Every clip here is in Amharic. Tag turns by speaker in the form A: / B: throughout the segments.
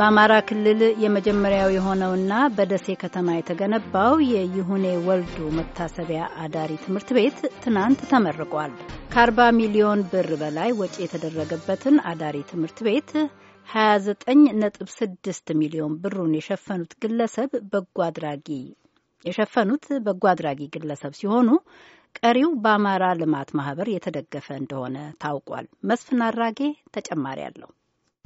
A: በአማራ ክልል የመጀመሪያው የሆነውና በደሴ ከተማ የተገነባው የይሁኔ ወልዱ መታሰቢያ አዳሪ ትምህርት ቤት ትናንት ተመርቋል። ከ40 ሚሊዮን ብር በላይ ወጪ የተደረገበትን አዳሪ ትምህርት ቤት 29.6 ሚሊዮን ብሩን የሸፈኑት ግለሰብ በጎ አድራጊ የሸፈኑት በጎ አድራጊ ግለሰብ ሲሆኑ ቀሪው በአማራ ልማት ማህበር የተደገፈ እንደሆነ ታውቋል። መስፍን አራጌ ተጨማሪ አለው።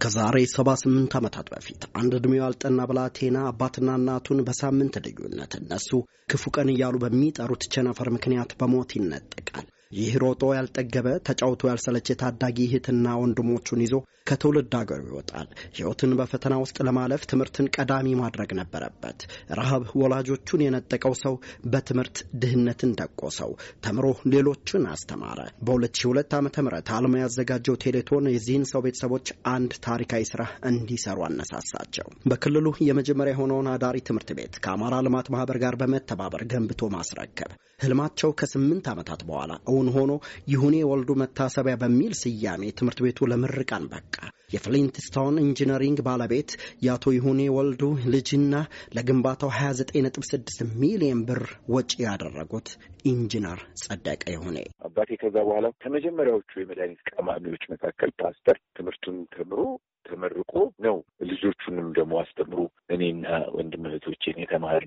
A: ከዛሬ 78 ዓመታት በፊት አንድ ዕድሜው ያልጠና ብላቴና አባትና እናቱን በሳምንት ልዩነት እነሱ ክፉ ቀን እያሉ በሚጠሩት ቸነፈር ምክንያት በሞት ይነጠቃል። ይህ ሮጦ ያልጠገበ ተጫውቶ ያልሰለች ታዳጊ እህትና ወንድሞቹን ይዞ ከትውልድ አገሩ ይወጣል። ሕይወትን በፈተና ውስጥ ለማለፍ ትምህርትን ቀዳሚ ማድረግ ነበረበት። ረሃብ ወላጆቹን የነጠቀው ሰው በትምህርት ድህነትን ደቆሰው፣ ተምሮ ሌሎችን አስተማረ። በ2002 ዓ ም አልማ ያዘጋጀው ቴሌቶን የዚህን ሰው ቤተሰቦች አንድ ታሪካዊ ስራ እንዲሰሩ አነሳሳቸው። በክልሉ የመጀመሪያ የሆነውን አዳሪ ትምህርት ቤት ከአማራ ልማት ማህበር ጋር በመተባበር ገንብቶ ማስረከብ ህልማቸው ከስምንት ዓመታት በኋላ እውን እውን ሆኖ ይሁኔ ወልዱ መታሰቢያ በሚል ስያሜ ትምህርት ቤቱ ለምርቃን በቃ። የፍሊንትስታውን ኢንጂነሪንግ ባለቤት የአቶ ይሁኔ ወልዱ ልጅና ለግንባታው 296 ሚሊዮን ብር ወጪ ያደረጉት ኢንጂነር ጸደቀ ይሁኔ
B: አባቴ ከዛ በኋላ ከመጀመሪያዎቹ የመድኃኒት ቀማሚዎች መካከል ፓስተር ትምህርቱን ተምሮ ተመርቆ ነው ልጆቹንም ደግሞ አስተምሮ እኔና ወንድም እህቶቼን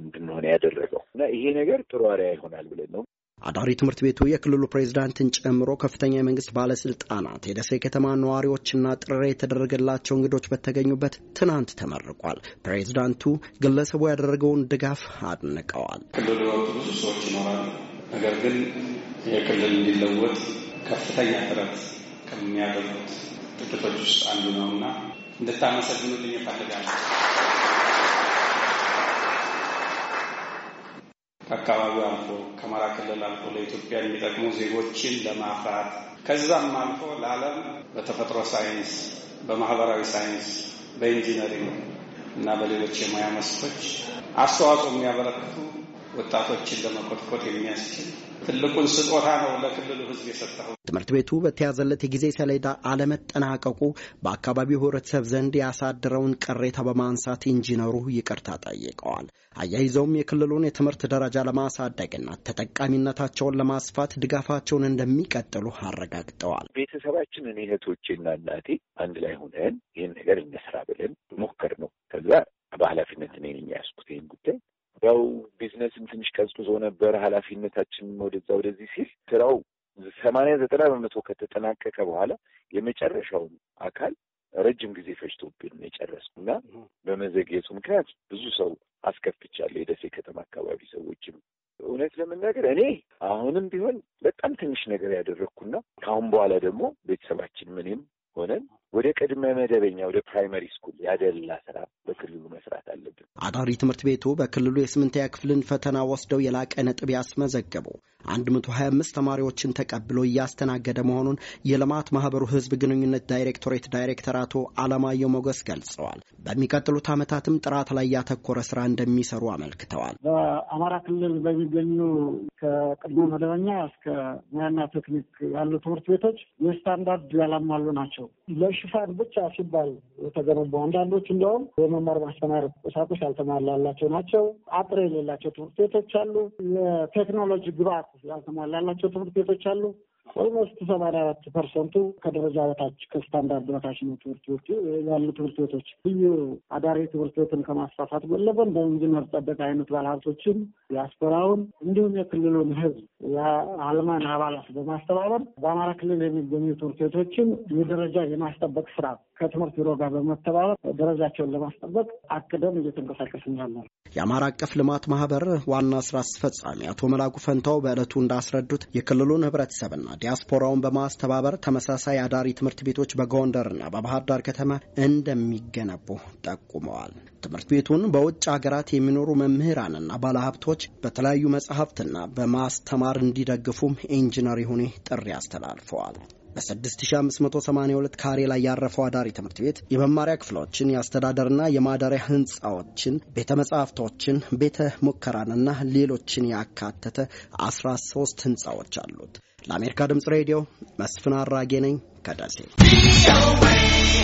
B: እንድንሆነ ያደረገው እና ይሄ ነገር ጥሩ ይሆናል ብለን ነው
A: አዳሪ ትምህርት ቤቱ የክልሉ ፕሬዝዳንትን ጨምሮ ከፍተኛ የመንግስት ባለስልጣናት፣ የደሴ ከተማ ነዋሪዎችና ጥሪ የተደረገላቸው እንግዶች በተገኙበት ትናንት ተመርቋል። ፕሬዝዳንቱ ግለሰቡ ያደረገውን ድጋፍ አድንቀዋል። ክልሉ የወጡ ብዙ ሰዎች ይኖራሉ። ነገር ግን የክልል እንዲለወጥ ከፍተኛ ጥረት ከሚያደርጉት ጥቂቶች ውስጥ አንዱ ነውና እንድታመሰግኑልኝ እፈልጋለሁ። ከአካባቢው አልፎ ከአማራ ክልል አልፎ ለኢትዮጵያ የሚጠቅሙ ዜጎችን ለማፍራት ከዛም አልፎ ለዓለም በተፈጥሮ ሳይንስ፣ በማህበራዊ ሳይንስ፣ በኢንጂነሪንግ እና በሌሎች የሙያ መስኮች አስተዋጽኦ የሚያበረክቱ ወጣቶችን ለመኮትኮት የሚያስችል ትልቁን ስጦታ ነው ለክልሉ ህዝብ የሰጠው። ትምህርት ቤቱ በተያዘለት የጊዜ ሰሌዳ አለመጠናቀቁ በአካባቢው ህብረተሰብ ዘንድ ያሳደረውን ቅሬታ በማንሳት ኢንጂነሩ ይቅርታ ጠይቀዋል። አያይዘውም የክልሉን የትምህርት ደረጃ ለማሳደግና ተጠቃሚነታቸውን ለማስፋት ድጋፋቸውን እንደሚቀጥሉ አረጋግጠዋል።
B: ቤተሰባችን እኔ እህቶቼና እናቴ አንድ ላይ ሆነን ይህን ነገር እንስራ ብለን ሞከር ነው። ከዛ በኃላፊነት እኔ የሚያስኩት ይህን ጉዳይ መንፈስም ትንሽ ቀዝቅዞ ነበር። ኃላፊነታችንም ወደዛ ወደዚህ ሲል ስራው ሰማንያ ዘጠና በመቶ ከተጠናቀቀ በኋላ የመጨረሻውን አካል ረጅም ጊዜ ፈጅቶብን የጨረስኩ እና በመዘግየቱ ምክንያት ብዙ ሰው አስከፍቻለሁ። የደሴ ከተማ አካባቢ ሰዎችም እውነት ለመናገር እኔ አሁንም ቢሆን በጣም ትንሽ ነገር ያደረግኩና ከአሁን በኋላ ደግሞ ቤተሰባችን ምንም ሆነን ወደ ቅድመ መደበኛ ወደ ፕራይመሪ ስኩል ያደላ
A: ስራ በክልሉ መስራት አለብን። አዳሪ ትምህርት ቤቱ በክልሉ የስምንተኛ ክፍልን ፈተና ወስደው የላቀ ነጥብ ያስመዘገቡ 125 ተማሪዎችን ተቀብሎ እያስተናገደ መሆኑን የልማት ማህበሩ ህዝብ ግንኙነት ዳይሬክቶሬት ዳይሬክተር አቶ አለማየሁ ሞገስ ገልጸዋል። በሚቀጥሉት ዓመታትም ጥራት ላይ ያተኮረ ስራ እንደሚሰሩ አመልክተዋል።
C: በአማራ ክልል በሚገኙ ከቅድሞ መደበኛ እስከ ሙያና ቴክኒክ ያሉ ትምህርት ቤቶች የስታንዳርድ ያላሟሉ ናቸው። ለሽፋን ብቻ ሲባል የተገነቡ አንዳንዶች እንዲያውም የመማር ማስተማር ቁሳቁስ ያልተሟላላቸው ናቸው። አጥር የሌላቸው ትምህርት ቤቶች አሉ። የቴክኖሎጂ ግብዓት ያልተሟላላቸው ትምህርት ቤቶች አሉ። ኦልሞስት ሰማንያ አራት ፐርሰንቱ ከደረጃ በታች ከስታንዳርድ በታች ነው ትምህርት ቤቱ ያሉ ትምህርት ቤቶች ልዩ አዳሪ ትምህርት ቤትን ከማስፋፋት ጎን ለጎን በኢንጂነር ጠበቅ አይነት ባለሀብቶችን ዲያስፖራውን እንዲሁም የክልሉን ህዝብ የአልማን አባላት በማስተባበር በአማራ ክልል የሚገኙ ትምህርት ቤቶችን የደረጃ የማስጠበቅ ስራ ከትምህርት ቢሮ ጋር በመተባበር ደረጃቸውን ለማስጠበቅ አቅደም እየተንቀሳቀስን
A: የአማራ አቀፍ ልማት ማህበር ዋና ስራ አስፈጻሚ አቶ መላኩ ፈንታው በዕለቱ እንዳስረዱት የክልሉን ህብረተሰብና ዲያስፖራውን በማስተባበር ተመሳሳይ አዳሪ ትምህርት ቤቶች በጎንደርና በባህር ዳር ከተማ እንደሚገነቡ ጠቁመዋል። ትምህርት ቤቱን በውጭ ሀገራት የሚኖሩ መምህራንና ባለሀብቶች በተለያዩ መጽሐፍትና በማስተማር እንዲደግፉም ኢንጂነር ይሁኔ ጥሪ አስተላልፈዋል። በ6582 ካሬ ላይ ያረፈው አዳሪ ትምህርት ቤት የመማሪያ ክፍሎችን፣ የአስተዳደርና የማደሪያ ህንፃዎችን፣ ቤተ መጻሕፍቶችን፣ ቤተ ሙከራንና ሌሎችን ያካተተ 13 ህንፃዎች አሉት። ለአሜሪካ ድምፅ ሬዲዮ መስፍን አራጌ ነኝ ከደሴ